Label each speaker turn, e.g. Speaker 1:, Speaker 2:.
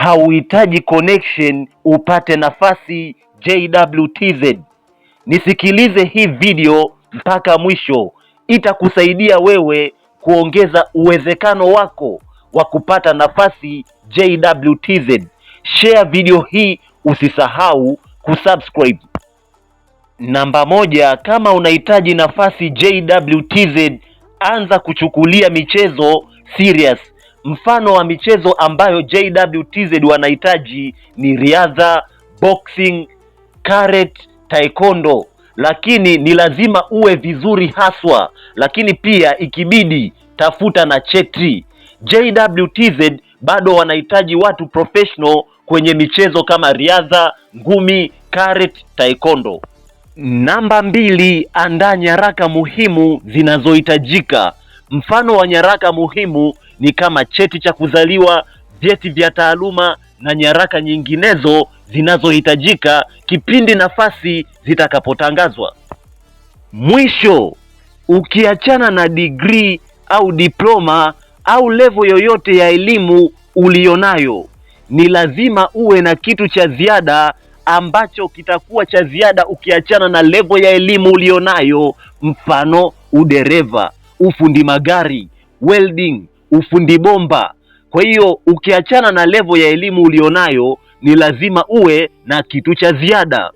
Speaker 1: hauhitaji connection upate nafasi JWTZ. Nisikilize hii video mpaka mwisho, itakusaidia wewe kuongeza uwezekano wako wa kupata nafasi JWTZ. Share video hii, usisahau kusubscribe. Namba moja, kama unahitaji nafasi JWTZ, anza kuchukulia michezo serious mfano wa michezo ambayo JWTZ wanahitaji ni riadha, boxing, karet, taekwondo, lakini ni lazima uwe vizuri haswa, lakini pia ikibidi tafuta na cheti. JWTZ bado wanahitaji watu professional kwenye michezo kama riadha, ngumi, karet, taekwondo. Namba mbili, andaa nyaraka muhimu zinazohitajika Mfano wa nyaraka muhimu ni kama cheti cha kuzaliwa, vyeti vya taaluma na nyaraka nyinginezo zinazohitajika kipindi nafasi zitakapotangazwa. Mwisho, ukiachana na degree au diploma au levo yoyote ya elimu ulionayo, ni lazima uwe na kitu cha ziada ambacho kitakuwa cha ziada ukiachana na levo ya elimu ulionayo, mfano udereva ufundi magari, welding, ufundi bomba. Kwa hiyo ukiachana na levo ya elimu ulionayo, ni lazima uwe na kitu cha ziada.